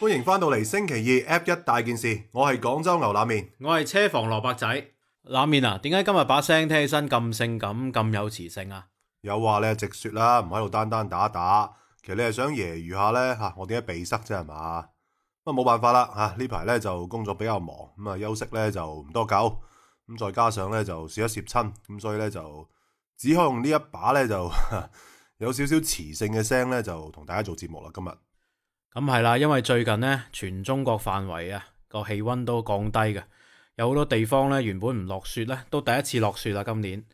歡迎翻到嚟星期二 F1 一大件事，我係廣州牛腩麵，我係車房蘿蔔仔。腩麵啊，點解今日把聲聽起身咁性感、咁有磁性啊？有話你直說啦，唔喺度單單打打。其實你係想揶揄下咧吓，啊，我點解鼻塞啫係嘛？咁啊冇辦法啦吓，啊、呢排咧就工作比較忙，咁啊休息咧就唔多久，咁再加上咧就涉一涉親，咁所以咧就只可以用呢一把咧就 有少少磁性嘅聲咧就同大家做節目啦今日。咁係啦，因為最近呢，全中國範圍啊，個氣溫都降低嘅，有好多地方呢，原本唔落雪呢，都第一次落雪啦。今年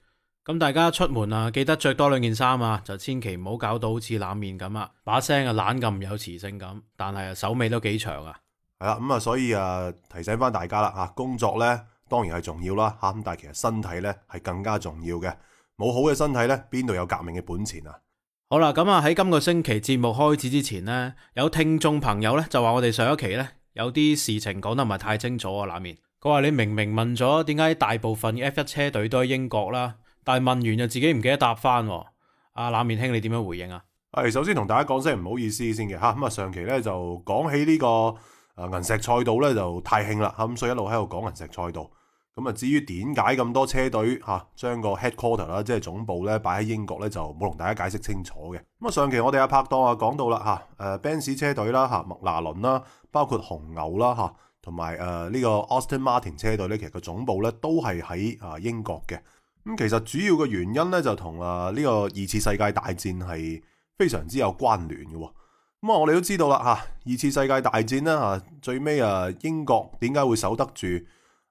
咁，大家一出門啊，記得着多兩件衫啊，就千祈唔好搞到好似冷面咁啊，把聲啊冷咁，有磁性咁，但係手尾都幾長啊。係啦，咁啊，所以啊，提醒翻大家啦，吓工作呢，當然係重要啦，吓咁，但係其實身體呢，係更加重要嘅，冇好嘅身體呢，邊度有革命嘅本錢啊？好啦，咁啊喺今個星期節目開始之前呢，有聽眾朋友呢，就話我哋上一期呢，有啲事情講得唔係太清楚啊。冷面，佢話你明明問咗，點解大部分 F1 車隊都喺英國啦？但係問完又自己唔記得答翻。阿冷面兄你點樣回應啊？係，首先同大家講聲唔好意思先嘅吓，咁啊上期呢，就講起呢個誒，銀石賽道呢，就太興啦，咁所以一路喺度講銀石賽道。咁啊，至於點解咁多車隊嚇將個 headquarter 啦、啊，即係總部咧擺喺英國咧，就冇同大家解釋清楚嘅。咁啊，上期我哋阿拍檔啊講到啦嚇，誒、呃、Benz 車隊啦嚇，麥、啊、拿倫啦、啊，包括紅牛啦嚇，同埋誒呢個 Austin Martin 車隊咧，其實個總部咧都係喺啊英國嘅。咁、嗯、其實主要嘅原因咧，就同啊呢、呢個二次世界大戰係非常之有關聯嘅。咁啊，我哋都知道啦嚇、啊，二次世界大戰啦嚇、啊，最尾啊英國點解會守得住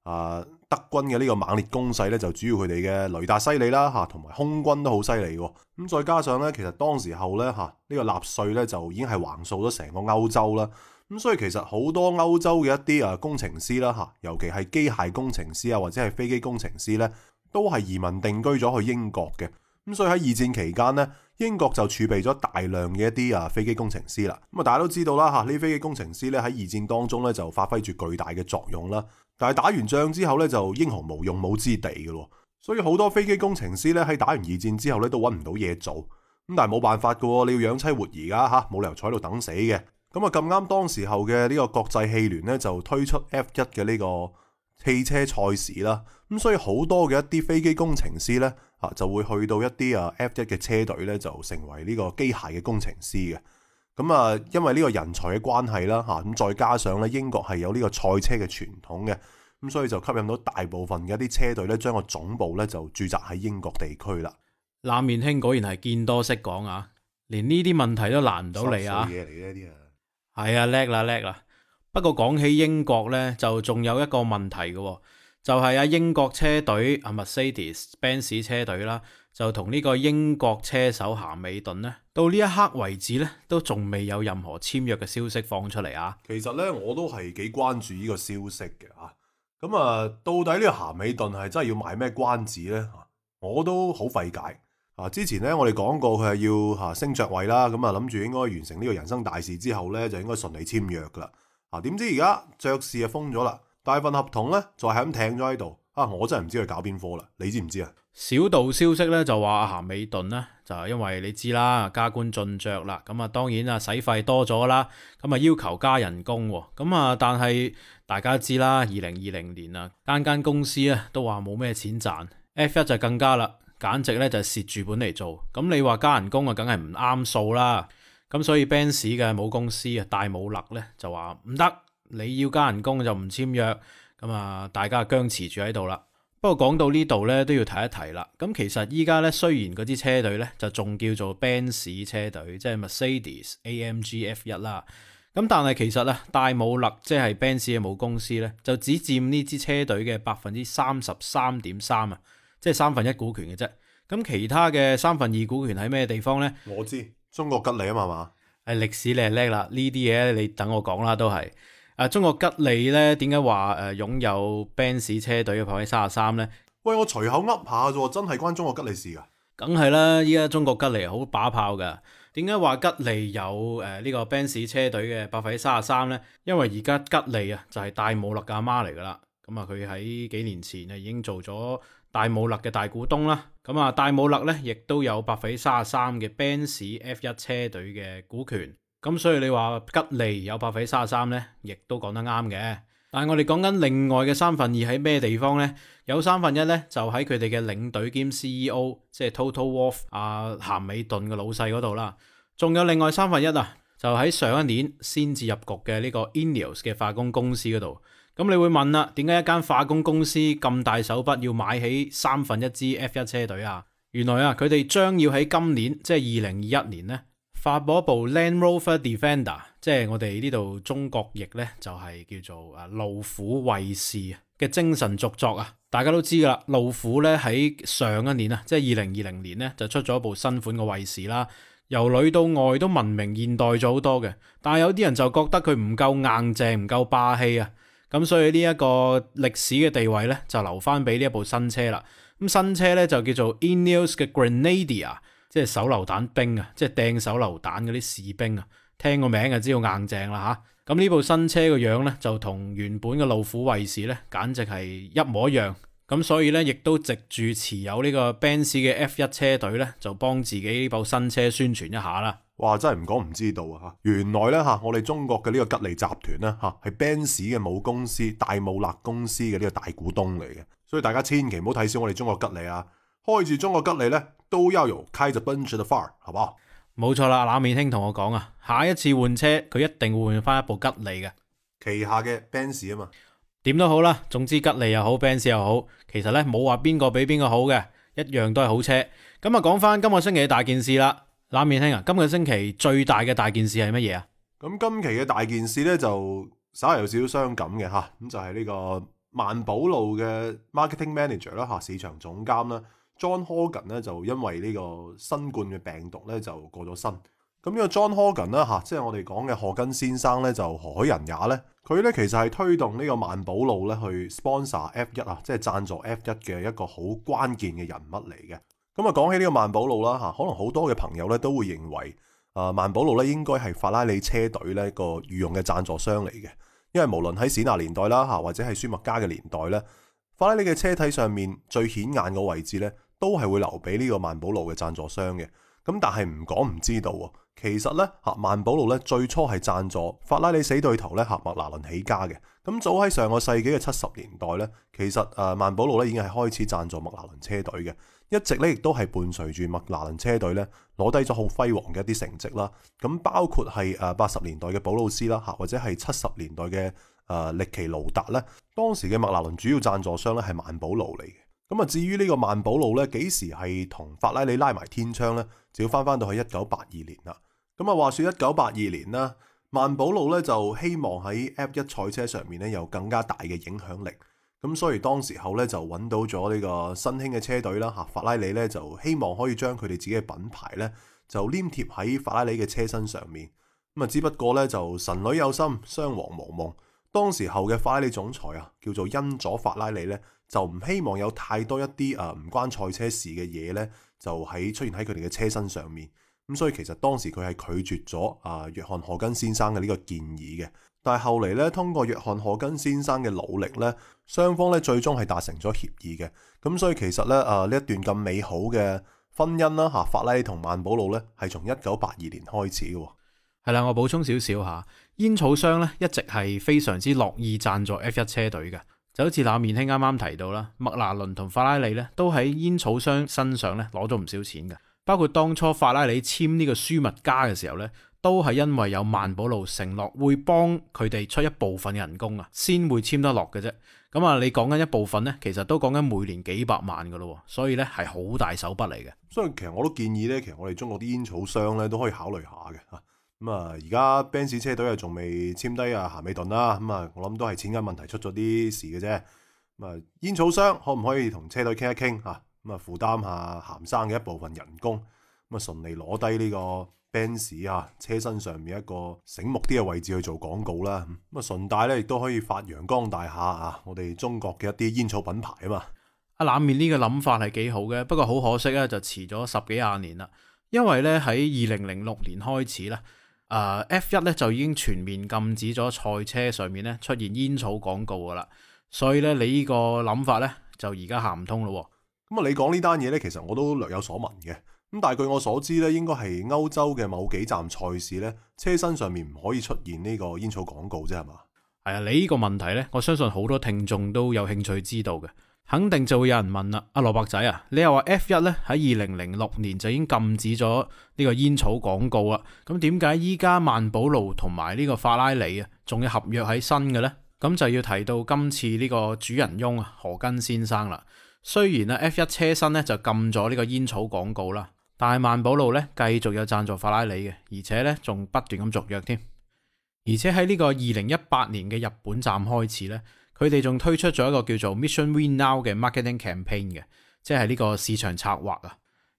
啊？啊德軍嘅呢個猛烈攻勢咧，就主要佢哋嘅雷達犀利啦，吓，同埋空軍都好犀利嘅。咁再加上咧，其實當時候咧，吓、啊這個、呢個納粹咧就已經係橫掃咗成個歐洲啦。咁、啊、所以其實好多歐洲嘅一啲啊工程師啦，吓、啊，尤其係機械工程師啊，或者係飛機工程師咧、啊，都係移民定居咗去英國嘅。咁所以喺二戰期間咧，英國就儲備咗大量嘅一啲啊飛機工程師啦。咁啊，大家都知道啦吓，呢啲飛機工程師咧喺二戰當中咧就發揮住巨大嘅作用啦。但係打完仗之後咧就英雄無用武之地嘅咯。所以好多飛機工程師咧喺打完二戰之後咧都揾唔到嘢做。咁但係冇辦法噶喎，你要養妻活兒噶吓，冇理由坐喺度等死嘅。咁啊咁啱，當時候嘅呢個國際汽聯咧就推出 F 一嘅呢個。汽車賽事啦，咁所以好多嘅一啲飛機工程師呢，啊就會去到一啲啊 F 一嘅車隊呢，就成為呢個機械嘅工程師嘅。咁啊，因為呢個人才嘅關係啦，吓咁再加上呢英國係有呢個賽車嘅傳統嘅，咁所以就吸引到大部分嘅一啲車隊呢，將個總部呢就駐紮喺英國地區啦。冷面兄果然係見多識廣啊，連呢啲問題都難唔到你啊！係啊，叻啦，叻啦！不過講起英國呢，就仲有一個問題嘅。哦，就係阿英國車隊阿 Mercedes-Benz 車隊啦，就同呢個英國車手咸美頓呢，到呢一刻為止呢，都仲未有任何簽約嘅消息放出嚟啊。其實呢，我都係幾關注呢個消息嘅啊。咁啊，到底呢個咸美頓係真係要賣咩關子呢？我都好費解啊。之前呢，我哋講過佢係要吓升爵位啦，咁啊諗住應該完成呢個人生大事之後呢，就應該順利簽約噶啦。點知而家爵士啊就封咗啦，但份合同咧就係咁停咗喺度啊！我真係唔知佢搞邊科啦，你知唔知啊？小道消息咧就話阿咸美頓呢，就係因為你知啦，加官進爵啦，咁啊當然啊使費多咗啦，咁啊要求加人工，咁啊但係大家知啦，二零二零年啊間間公司啊都話冇咩錢賺，F1 就更加啦，簡直咧就係蝕住本嚟做，咁你話加人工啊梗係唔啱數啦。咁所以 Benz 嘅母公司啊，戴姆勒咧就話唔得，你要加人工就唔簽約，咁啊大家僵持住喺度啦。不過講到呢度咧，都要提一提啦。咁其實依家咧雖然嗰支車隊咧就仲叫做 Benz 車隊，即係 Mercedes A M G F 一啦，咁但係其實咧戴姆勒即係 Benz 嘅母公司咧，就只佔呢支車隊嘅百分之三十三點三啊，即係三分一股權嘅啫。咁其他嘅三分二股權喺咩地方咧？我知。中國吉利啊嘛嘛，誒歷史你係叻啦，呢啲嘢，你等我講啦，都係誒中國吉利咧，點解話誒擁有 Benz 車隊嘅百分之三十三咧？喂，我隨口噏下咋，真係關中國吉利事噶？梗係啦，依家中國吉利好把炮噶，點解話吉利有誒、呃這個、呢個 Benz 車隊嘅百分之三十三咧？因為而家吉利啊就係戴姆勒嘅阿媽嚟噶啦。咁啊，佢喺幾年前啊已經做咗戴姆勒嘅大股東啦。咁啊，戴姆勒咧亦都有百分之三十三嘅 Benz F1 車隊嘅股權。咁所以你話吉利有百分之三十三咧，亦都講得啱嘅。但係我哋講緊另外嘅三分二喺咩地方咧？有三分一咧就喺佢哋嘅領隊兼 CEO，即係 Toto Wolff 阿、啊、咸美頓嘅老細嗰度啦。仲有另外三分一啊，就喺上一年先至入局嘅呢個 Ineos 嘅化工公司嗰度。咁你會問啦、啊，點解一間化工公司咁大手筆要買起三分一支 F 一車隊啊？原來啊，佢哋將要喺今年，即係二零二一年咧，發佈一部 Land Rover Defender，即係我哋呢度中國譯咧就係、是、叫做誒路虎衛士嘅精神續作啊！大家都知噶啦，路虎咧喺上一年啊，即係二零二零年咧就出咗一部新款嘅衛士啦，由裏到外都文明現代咗好多嘅，但係有啲人就覺得佢唔夠硬淨，唔夠霸氣啊！咁所以呢一個歷史嘅地位咧，就留翻俾呢一部新車啦。咁新車咧就叫做 Ineos 嘅 Grenadier，即係手榴彈兵啊，即係掟手榴彈嗰啲士兵啊。聽個名就知道硬正啦吓。咁、啊、呢部新車個樣咧，就同原本嘅路虎衛士咧，簡直係一模一樣。咁所以咧，亦都藉住持有呢個 Benz 嘅 F 一車隊咧，就幫自己呢部新車宣傳一下啦。哇！真係唔講唔知道啊，原來咧吓，我哋中國嘅呢個吉利集團咧吓，係 Benz 嘅母公司戴姆勒公司嘅呢個大股東嚟嘅，所以大家千祈唔好睇小我哋中國吉利啊！開住中國吉利咧，都猶如開住奔馳的花，好冇？冇錯啦，冷面兄同我講啊，下一次換車佢一定會換翻一部吉利嘅旗下嘅 Benz 啊嘛，點都好啦，總之吉利又好，Benz 又好，其實咧冇話邊個比邊個好嘅，一樣都係好車。咁啊，講翻今個星期大件事啦。冷面兄啊，今個星期最大嘅大件事係乜嘢啊？咁今期嘅大件事咧就稍有少少傷感嘅嚇，咁、啊、就係、是、呢個萬寶路嘅 marketing manager 啦、啊、嚇，市場總監啦、啊、，John Hogan 咧、啊、就因為呢個新冠嘅病毒咧就過咗身。咁呢個 John Hogan 啦、啊、嚇，即係我哋講嘅賀根先生咧，就何許人也咧？佢咧其實係推動個呢個萬寶路咧去 sponsor F 一啊，即係贊助 F 一嘅一個好關鍵嘅人物嚟嘅。咁啊，講起呢個萬寶路啦吓，可能好多嘅朋友咧都會認為，啊萬寶路咧應該係法拉利車隊咧個御用嘅贊助商嚟嘅。因為無論喺史納年代啦吓，或者係舒麥加嘅年代咧，法拉利嘅車體上面最顯眼嘅位置咧，都係會留俾呢個萬寶路嘅贊助商嘅。咁但係唔講唔知道，其實咧吓萬寶路咧最初係贊助法拉利死對頭咧吓麥拿倫起家嘅。咁早喺上個世紀嘅七十年代咧，其實誒萬寶路咧已經係開始贊助麥拿倫車隊嘅。一直咧亦都係伴隨住麥拿倫車隊咧攞低咗好輝煌嘅一啲成績啦，咁包括係誒八十年代嘅保魯斯啦嚇，或者係七十年代嘅誒力奇魯達咧，當時嘅麥拿倫主要贊助商咧係萬寶路嚟嘅。咁啊，至於呢個萬寶路咧幾時係同法拉利拉埋天窗咧，就要翻翻到去一九八二年啦。咁啊，話説一九八二年啦，萬寶路咧就希望喺 F1 賽車上面咧有更加大嘅影響力。咁所以當時候咧就揾到咗呢個新興嘅車隊啦嚇，法拉利咧就希望可以將佢哋自己嘅品牌咧就黏貼喺法拉利嘅車身上面。咁啊，只不過咧就神女有心，襄王無夢。當時候嘅法拉利總裁啊，叫做恩佐法拉利咧，就唔希望有太多一啲啊唔關賽車事嘅嘢咧，就喺出現喺佢哋嘅車身上面。咁所以其實當時佢係拒絕咗啊約翰何根先生嘅呢個建議嘅。但係後嚟咧，通過約翰何根先生嘅努力咧，雙方咧最終係達成咗協議嘅。咁所以其實咧，啊呢一段咁美好嘅婚姻啦，哈法拉利同萬寶路咧，係從一九八二年開始嘅。係啦，我補充少少嚇，煙草商咧一直係非常之樂意贊助 F 一車隊嘅，就好似冷面兄啱啱提到啦，麥拿倫同法拉利咧都喺煙草商身上咧攞咗唔少錢嘅，包括當初法拉利簽呢個舒密加嘅時候咧。都係因為有萬寶路承諾會幫佢哋出一部分人工啊，先會簽得落嘅啫。咁啊，你講緊一部分呢，其實都講緊每年幾百萬噶咯。所以呢係好大手筆嚟嘅。所以其實我都建議呢，其實我哋中國啲煙草商呢都可以考慮下嘅。咁啊，而家 Benz 車隊又仲未簽低啊，鹹美頓啦。咁啊，我諗都係錢銀問題出咗啲事嘅啫。咁啊，煙草商可唔可以同車隊傾一傾啊？咁啊，負擔下鹹生嘅一部分人工。咁啊，順利攞低呢個奔馳啊，車身上面一個醒目啲嘅位置去做廣告啦。咁、嗯、啊，順帶咧亦都可以發揚光大下啊，我哋中國嘅一啲煙草品牌啊嘛。阿、啊、冷面呢個諗法係幾好嘅，不過好可惜啊，就遲咗十幾廿年啦。因為咧喺二零零六年開始啦，誒、呃、F 一咧就已經全面禁止咗賽車上面咧出現煙草廣告噶啦，所以咧你呢個諗法咧就而家行唔通咯。咁啊，你講呢單嘢咧，其實我都略有所聞嘅。咁但係據我所知咧，應該係歐洲嘅某幾站賽事咧，車身上面唔可以出現呢個煙草廣告啫，係嘛？係啊，你呢個問題咧，我相信好多聽眾都有興趣知道嘅，肯定就會有人問啦。阿、啊、蘿伯仔啊，你又話 F 一咧喺二零零六年就已經禁止咗呢個煙草廣告啦。咁點解依家萬寶路同埋呢個法拉利啊，仲要合約喺新嘅呢？」咁就要提到今次呢個主人翁何根先生啦。雖然咧 F 一車身咧就禁咗呢個煙草廣告啦。但係曼寶路咧，繼續有贊助法拉利嘅，而且咧仲不斷咁續約添。而且喺呢個二零一八年嘅日本站開始咧，佢哋仲推出咗一個叫做 Mission Winnow 嘅 marketing campaign 嘅，即係呢個市場策劃啊。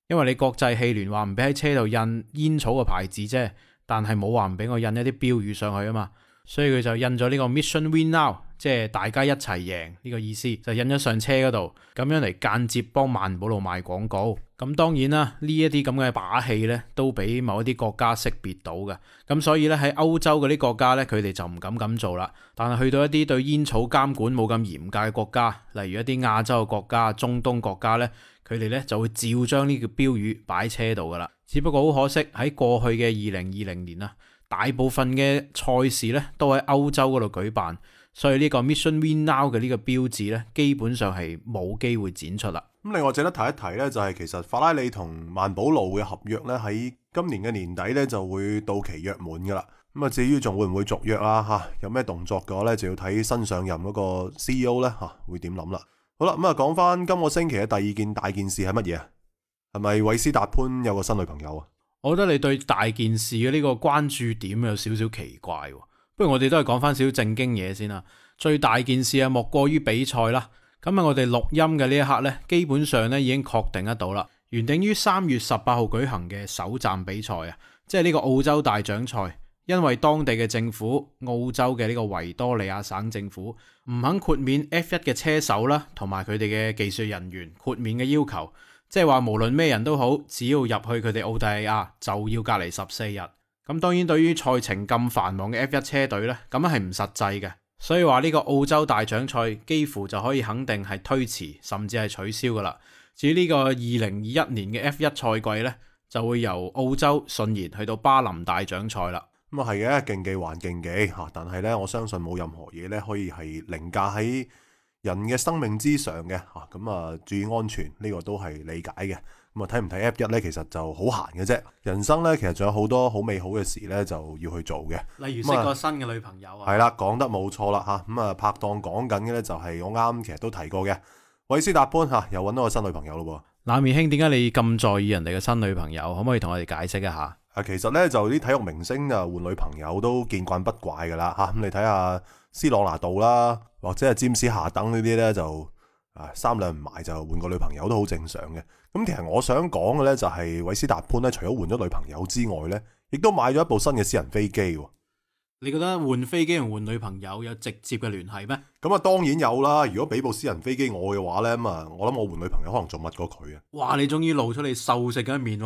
因為你國際汽聯話唔俾喺車度印煙草嘅牌子啫，但係冇話唔俾我印一啲標語上去啊嘛。所以佢就印咗呢個 Mission Winnow，即係大家一齊贏呢個意思，就印咗上車嗰度，咁樣嚟間接幫萬寶路賣廣告。咁當然啦，呢一啲咁嘅把戲咧，都俾某一啲國家識別到嘅。咁所以咧喺歐洲嗰啲國家咧，佢哋就唔敢咁做啦。但係去到一啲對煙草監管冇咁嚴格嘅國家，例如一啲亞洲國家、中東國家咧，佢哋咧就會照將呢個標語擺喺車度噶啦。只不過好可惜喺過去嘅二零二零年啦。大部分嘅賽事咧都喺歐洲嗰度舉辦，所以呢個 Mission Win Now 嘅呢個標誌咧，基本上係冇機會展出啦。咁另外值得提一提咧，就係其實法拉利同萬寶路嘅合約咧，喺今年嘅年底咧就會到期約滿噶啦。咁啊，至於仲會唔會續約啊？吓，有咩動作嘅話咧，就要睇新上任嗰個 CEO 咧吓，啊，會點諗啦。好啦，咁啊，講翻今個星期嘅第二件大件事係乜嘢啊？係咪韋斯達潘有個新女朋友啊？我覺得你對大件事嘅呢個關注點有少少奇怪喎，啊，不如我哋都係講返少少正經嘢先啦。最大件事啊，莫過於比賽啦。咁啊，我哋錄音嘅呢一刻呢，基本上呢已經確定得到啦。原定於三月十八號舉行嘅首站比賽啊，即係呢個澳洲大獎賽，因為當地嘅政府、澳洲嘅呢個維多利亞省政府唔肯豁免 F1 嘅車手啦，同埋佢哋嘅技術人員豁免嘅要求。即係話，無論咩人都好，只要入去佢哋澳大利亞就要隔離十四日。咁當然，對於賽程咁繁忙嘅 F 一車隊呢，咁樣係唔實際嘅。所以話呢個澳洲大獎賽幾乎就可以肯定係推遲，甚至係取消噶啦。至於呢個二零二一年嘅 F 一賽季呢，就會由澳洲順延去到巴林大獎賽啦。咁啊係嘅，競技還競技吓，但係呢，我相信冇任何嘢呢可以係凌駕喺人嘅生命之上嘅，咁啊，啊注意安全呢、這個都係理解嘅。咁啊睇唔睇 F1 咧，其實就好閒嘅啫。人生咧，其實仲有好多好美好嘅事咧，就要去做嘅。例如識個新嘅女朋友、嗯、啊。係、嗯、啦，講得冇錯啦，吓咁啊拍檔講緊嘅咧，就係我啱，其實都提過嘅。韋斯達潘吓、啊，又搵到個新女朋友咯喎。冷面兄，點解你咁在意人哋嘅新女朋友？可唔可以同我哋解釋一下？啊，其實咧就啲體育明星啊換女朋友都見慣不怪噶啦，吓、啊、咁、啊嗯嗯嗯、你睇下。斯朗拿度啦，或者係詹姆斯哈登呢啲呢，就啊三兩唔買就換個女朋友都好正常嘅。咁、嗯、其實我想講嘅呢，就係韋斯達潘呢，除咗換咗女朋友之外呢，亦都買咗一部新嘅私人飛機。你覺得換飛機同換女朋友有直接嘅聯繫咩？咁啊、嗯，當然有啦。如果俾部私人飛機我嘅話呢，咁啊，我諗我換女朋友可能仲密過佢啊。哇！你終於露出你瘦食嘅一面。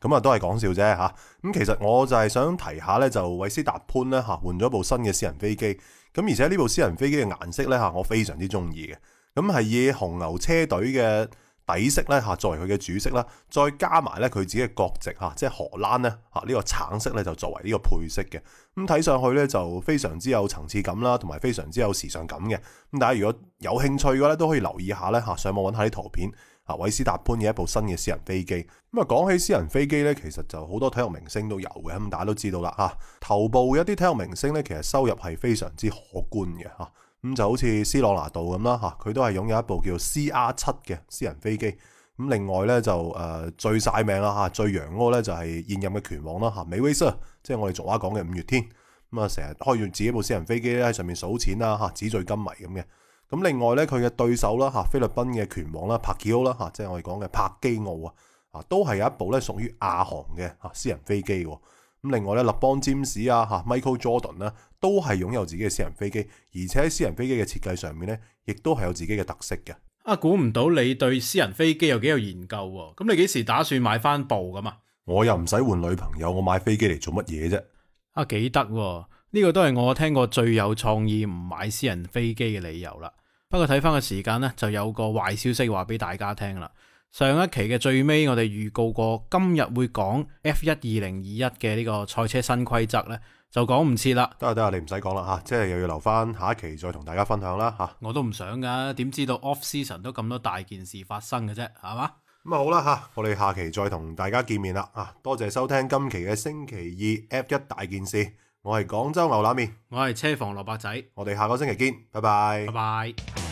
咁啊，都係講笑啫嚇。咁其實我就係想提下咧，就韋斯達潘咧嚇換咗部新嘅私人飛機。咁而且呢部私人飛機嘅顏色咧嚇，我非常之中意嘅。咁係以紅牛車隊嘅底色咧嚇作為佢嘅主色啦，再加埋咧佢自己嘅國籍嚇，即係荷蘭咧嚇呢個橙色咧就作為呢個配色嘅。咁睇上去咧就非常之有層次感啦，同埋非常之有時尚感嘅。咁大家如果有興趣嘅話咧，都可以留意下咧嚇，上網揾下啲圖片。啊，韋斯達潘嘅一部新嘅私人飛機。咁啊，講起私人飛機咧，其實就好多體育明星都有嘅。咁大家都知道啦，嚇、啊、頭部一啲體育明星咧，其實收入係非常之可觀嘅，嚇、啊、咁就好似 C 朗拿度咁啦，嚇、啊、佢都係擁有一部叫 CR 七嘅私人飛機。咁、啊、另外咧就誒、呃、最晒命啦，嚇、啊、最揚嗰咧就係現任嘅拳王啦，嚇、啊、美威斯，即、啊、係、就是、我哋俗話講嘅五月天。咁啊，成日開完自己部私人飛機咧喺上面數錢啦，嚇紙醉金迷咁嘅。咁另外咧，佢嘅對手啦嚇，菲律賓嘅拳王啦帕基、基奧啦嚇，即係我哋講嘅帕基奧啊，啊都係有一部咧屬於亞航嘅嚇私人飛機。咁另外咧，立邦詹姆士啊嚇，Michael Jordan 啦，都係擁有自己嘅私人飛機，而且喺私人飛機嘅設計上面咧，亦都係有自己嘅特色嘅。啊，估唔到你對私人飛機有幾有研究喎，啊？咁你幾時打算買翻部㗎嘛？我又唔使換女朋友，我買飛機嚟做乜嘢啫？啊，幾得喎！呢個都係我聽過最有創意唔買私人飛機嘅理由啦。不過睇翻個時間呢,就有個壞消息話俾大家聽啦。上一期嘅最尾，我哋預告過今日會講 F 一二零二一嘅呢個賽車新規則呢，就講唔切啦。得啊，得啊，你唔使講啦吓，即係又要留翻下一期再同大家分享啦吓。啊、我都唔想噶，點知道 Off Season 都咁多大件事發生嘅啫，係嘛咁啊？好啦吓，我哋下期再同大家見面啦吓，多謝收聽今期嘅星期二 F 一大件事。我係廣州牛腩麵，我係車房蘿蔔仔，我哋下個星期見，拜拜，拜拜。